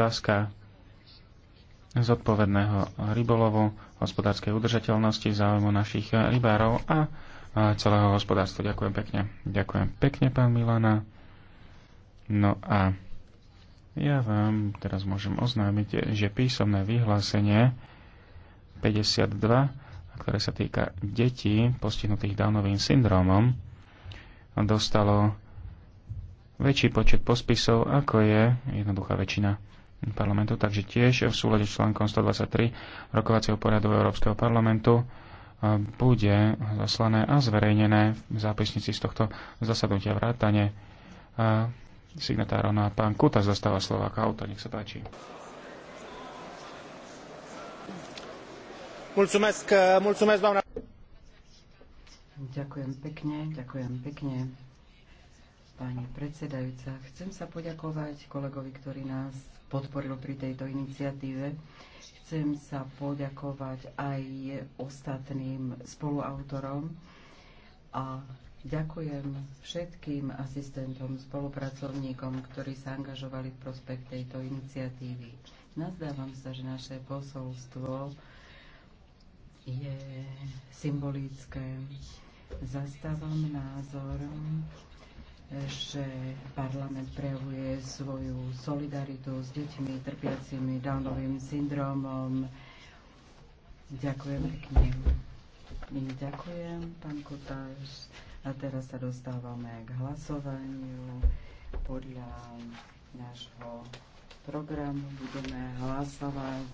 otázka zodpovedného rybolovu, hospodárskej udržateľnosti, záujmu našich rybárov a celého hospodárstva. Ďakujem pekne. Ďakujem pekne, pán Milana. No a ja vám teraz môžem oznámiť, že písomné vyhlásenie 52, ktoré sa týka detí postihnutých Downovým syndromom, dostalo väčší počet pospisov, ako je jednoduchá väčšina parlamentu, takže tiež v súlade s článkom 123 rokovacieho poriadu Európskeho parlamentu e, bude zaslané a zverejnené v zápisnici z tohto zasadnutia vrátane e, signatárov na no pán Kutas zastáva Slováka auta. Nech sa páči. Mulțumesc, mulțumesc, doamna. Ďakujem pekne, ďakujem pekne pani predsedajúca. Chcem sa poďakovať kolegovi, ktorý nás podporil pri tejto iniciatíve. Chcem sa poďakovať aj ostatným spoluautorom a ďakujem všetkým asistentom, spolupracovníkom, ktorí sa angažovali v prospech tejto iniciatívy. Nazdávam sa, že naše posolstvo je symbolické. Zastávam názor, že parlament prejavuje svoju solidaritu s deťmi trpiacimi Downovým syndromom. Ďakujem pekne. Ďakujem, pán Kotáš. A teraz sa dostávame k hlasovaniu. Podľa nášho programu budeme hlasovať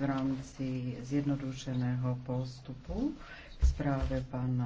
v rámci zjednodušeného postupu v správe pána